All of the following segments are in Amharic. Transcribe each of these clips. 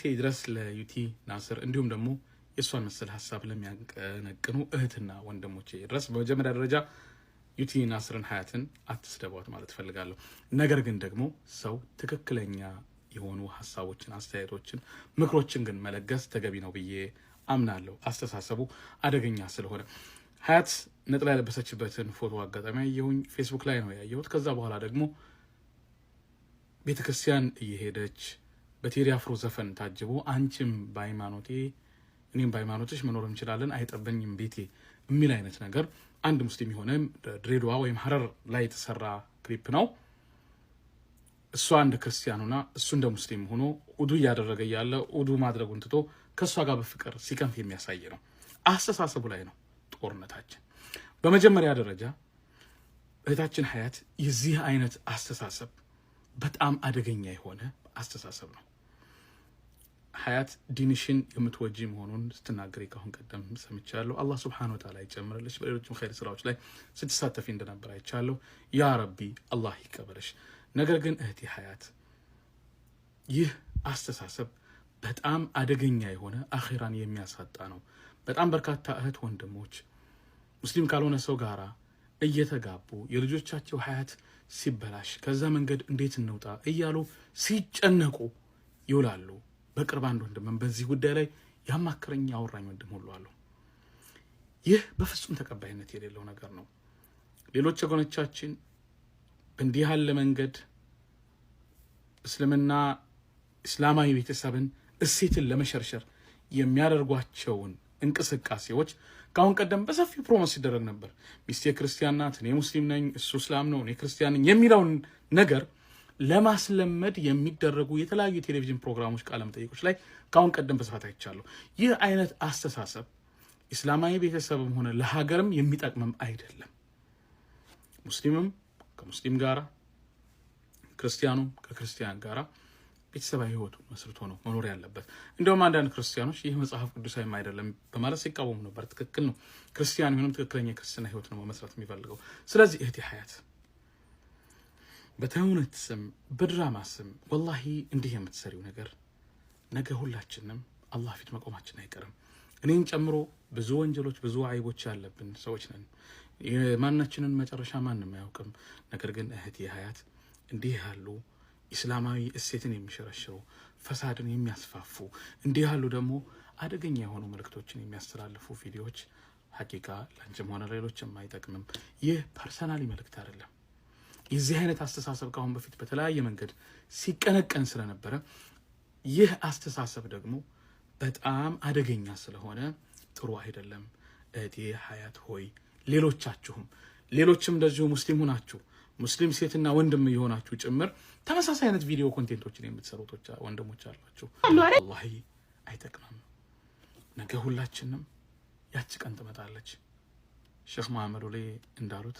መልእክቴ ድረስ ለዩቲ ናስር እንዲሁም ደግሞ የእሷን መሰል ሀሳብ ለሚያቀነቅኑ እህትና ወንድሞቼ ድረስ በመጀመሪያ ደረጃ ዩቲ ናስርን ሀያትን አትስደቧት ማለት እፈልጋለሁ። ነገር ግን ደግሞ ሰው ትክክለኛ የሆኑ ሀሳቦችን፣ አስተያየቶችን፣ ምክሮችን ግን መለገስ ተገቢ ነው ብዬ አምናለሁ። አስተሳሰቡ አደገኛ ስለሆነ ሀያት ነጥላ የለበሰችበትን ፎቶ አጋጣሚ ያየሁኝ ፌስቡክ ላይ ነው ያየሁት። ከዛ በኋላ ደግሞ ቤተክርስቲያን እየሄደች በቴዲ አፍሮ ዘፈን ታጅቦ አንቺም በሃይማኖቴ እኔም በሃይማኖትሽ መኖር እንችላለን አይጠበኝም ቤቴ የሚል አይነት ነገር አንድ ሙስሊም የሆነ ድሬዳዋ ወይም ሀረር ላይ የተሰራ ክሊፕ ነው። እሷ እንደ ክርስቲያን ሆና እሱ እንደ ሙስሊም ሆኖ ኡዱ እያደረገ እያለ ኡዱ ማድረጉን ትቶ ከእሷ ጋር በፍቅር ሲከንፍ የሚያሳይ ነው። አስተሳሰቡ ላይ ነው ጦርነታችን። በመጀመሪያ ደረጃ እህታችን ሀያት የዚህ አይነት አስተሳሰብ በጣም አደገኛ የሆነ አስተሳሰብ ነው። ሀያት ዲንሽን የምትወጂ መሆኑን ስትናገሪ ካሁን ቀደም ሰምቻለሁ። አላህ ስብሓነሁ ወተዓላ ይጨምርልሽ። በሌሎችም ኸይር ስራዎች ላይ ስትሳተፊ እንደነበር አይቻለሁ። ያ ረቢ አላህ ይቀበልሽ። ነገር ግን እህቴ ሀያት ይህ አስተሳሰብ በጣም አደገኛ የሆነ አኼራን የሚያሳጣ ነው። በጣም በርካታ እህት ወንድሞች ሙስሊም ካልሆነ ሰው ጋር እየተጋቡ የልጆቻቸው ሀያት ሲበላሽ ከዛ መንገድ እንዴት እንውጣ እያሉ ሲጨነቁ ይውላሉ። በቅርብ አንድ ወንድምም በዚህ ጉዳይ ላይ ያማክረኝ ያወራኝ ወንድም ሁሉ አለው። ይህ በፍጹም ተቀባይነት የሌለው ነገር ነው። ሌሎች ወገኖቻችን በእንዲህ ያለ መንገድ እስልምና እስላማዊ ቤተሰብን እሴትን ለመሸርሸር የሚያደርጓቸውን እንቅስቃሴዎች ከአሁን ቀደም በሰፊው ፕሮሞስ ሲደረግ ነበር። ሚስቴ ክርስቲያን ናት፣ እኔ ሙስሊም ነኝ፣ እሱ እስላም ነው፣ እኔ ክርስቲያን ነኝ የሚለውን ነገር ለማስለመድ የሚደረጉ የተለያዩ የቴሌቪዥን ፕሮግራሞች ቃለመጠይቆች ላይ ከአሁን ቀደም በስፋት አይቻለሁ። ይህ አይነት አስተሳሰብ ኢስላማዊ ቤተሰብም ሆነ ለሀገርም የሚጠቅምም አይደለም። ሙስሊምም ከሙስሊም ጋራ፣ ክርስቲያኑም ከክርስቲያን ጋራ ቤተሰባዊ ህይወቱ መስርቶ ነው መኖር ያለበት። እንደውም አንዳንድ ክርስቲያኖች ይህ መጽሐፍ ቅዱሳዊም አይደለም በማለት ሲቃወሙ ነበር። ትክክል ነው። ክርስቲያን ቢሆንም ትክክለኛ የክርስትና ህይወት ነው መመስረት የሚፈልገው። ስለዚህ እህቴ ሀያት በተውነት ስም በድራማ ስም ወላሂ እንዲህ የምትሰሪው ነገር ነገ ሁላችንም አላህ ፊት መቆማችን አይቀርም። እኔን ጨምሮ ብዙ ወንጀሎች ብዙ አይቦች ያለብን ሰዎች ነን። የማናችንን መጨረሻ ማንም አያውቅም። ነገር ግን እህት የሀያት እንዲህ ያሉ ኢስላማዊ እሴትን የሚሸረሽሩ ፈሳድን የሚያስፋፉ እንዲህ ያሉ ደግሞ አደገኛ የሆኑ መልእክቶችን የሚያስተላልፉ ቪዲዮዎች ሀቂቃ ላንችም ሆነ ሌሎችም አይጠቅምም። ይህ ፐርሰናሊ መልእክት አይደለም የዚህ አይነት አስተሳሰብ ከአሁን በፊት በተለያየ መንገድ ሲቀነቀን ስለነበረ ይህ አስተሳሰብ ደግሞ በጣም አደገኛ ስለሆነ ጥሩ አይደለም። እህቴ ሀያት ሆይ ሌሎቻችሁም ሌሎችም እንደዚሁ ሙስሊም ሁናችሁ ሙስሊም ሴትና ወንድም የሆናችሁ ጭምር ተመሳሳይ አይነት ቪዲዮ ኮንቴንቶችን የምትሰሩት ወንድሞች አሏችሁ። ወላሂ አይጠቅምም። ነገ ሁላችንም ያች ቀን ትመጣለች። ሼክ መሐመድ ላይ እንዳሉት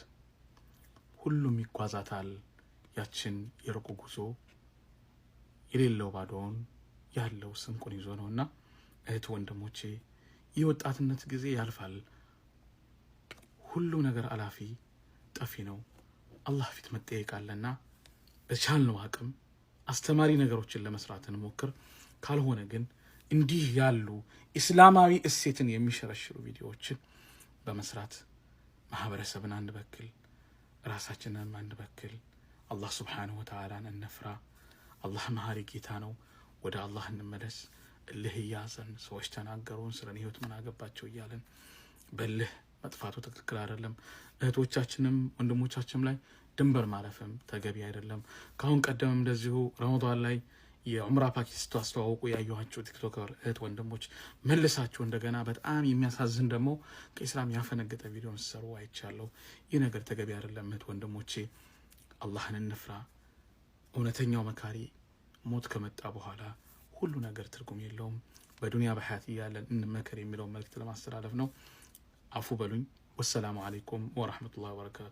ሁሉም ይጓዛታል ያችን የሩቁ ጉዞ የሌለው ባዶውን ያለው ስንቁን ይዞ ነውና፣ እህት ወንድሞቼ የወጣትነት ጊዜ ያልፋል። ሁሉ ነገር አላፊ ጠፊ ነው። አላህ ፊት መጠየቅ አለና በቻልነው አቅም አስተማሪ ነገሮችን ለመስራት እንሞክር። ካልሆነ ግን እንዲህ ያሉ ኢስላማዊ እሴትን የሚሸረሽሩ ቪዲዮዎችን በመስራት ማህበረሰብን አንበክል። ራሳችንን አንበክል። አላህ ስብሓንሁ ወተዓላን እንፍራ። አላህ መሀሪ ጌታ ነው። ወደ አላህ እንመለስ። እልህ እያዘን ሰዎች ተናገሩን ስለ ህይወት ምን አገባቸው እያለን በልህ መጥፋቱ ትክክል አይደለም። እህቶቻችንም ወንድሞቻችንም ላይ ድንበር ማለፍም ተገቢ አይደለም። ከአሁን ቀደም እንደዚሁ ረመዷን ላይ የዑምራ ፓኬጅ አስተዋውቁ ያየኋቸው ቲክቶከር እህት ወንድሞች መልሳችሁ እንደገና በጣም የሚያሳዝን ደግሞ ከኢስላም ያፈነገጠ ቪዲዮ ስሰሩ አይቻለሁ። ይህ ነገር ተገቢ አይደለም። እህት ወንድሞቼ አላህን እንፍራ። እውነተኛው መካሪ ሞት ከመጣ በኋላ ሁሉ ነገር ትርጉም የለውም። በዱንያ በሀያት እያለን እንመከር የሚለውን መልእክት ለማስተላለፍ ነው። አፉ በሉኝ። ወሰላሙ አሌይኩም ወረህመቱላሂ ወበረካቱ።